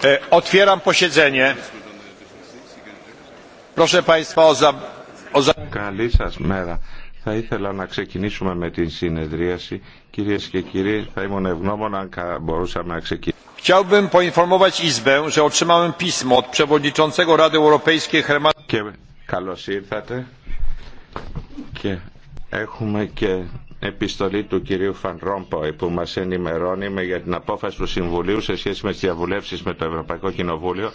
E, Καλή σας μέρα. Θα ήθελα να ξεκινήσουμε με την συνεδρίαση. Κυρίες και κύριοι, θα ήμουν ευγνώμων αν μπορούσαμε να ξεκινήσουμε. Chciałbym że otrzymałem pismo od przewodniczącego Rady Europejskiej Hermana. Και καλώς ήρθατε. Και έχουμε και επιστολή του κυρίου Φαν Ρόμποϊ που μας ενημερώνει για την απόφαση του Συμβουλίου σε σχέση με τις διαβουλεύσεις με το Ευρωπαϊκό Κοινοβούλιο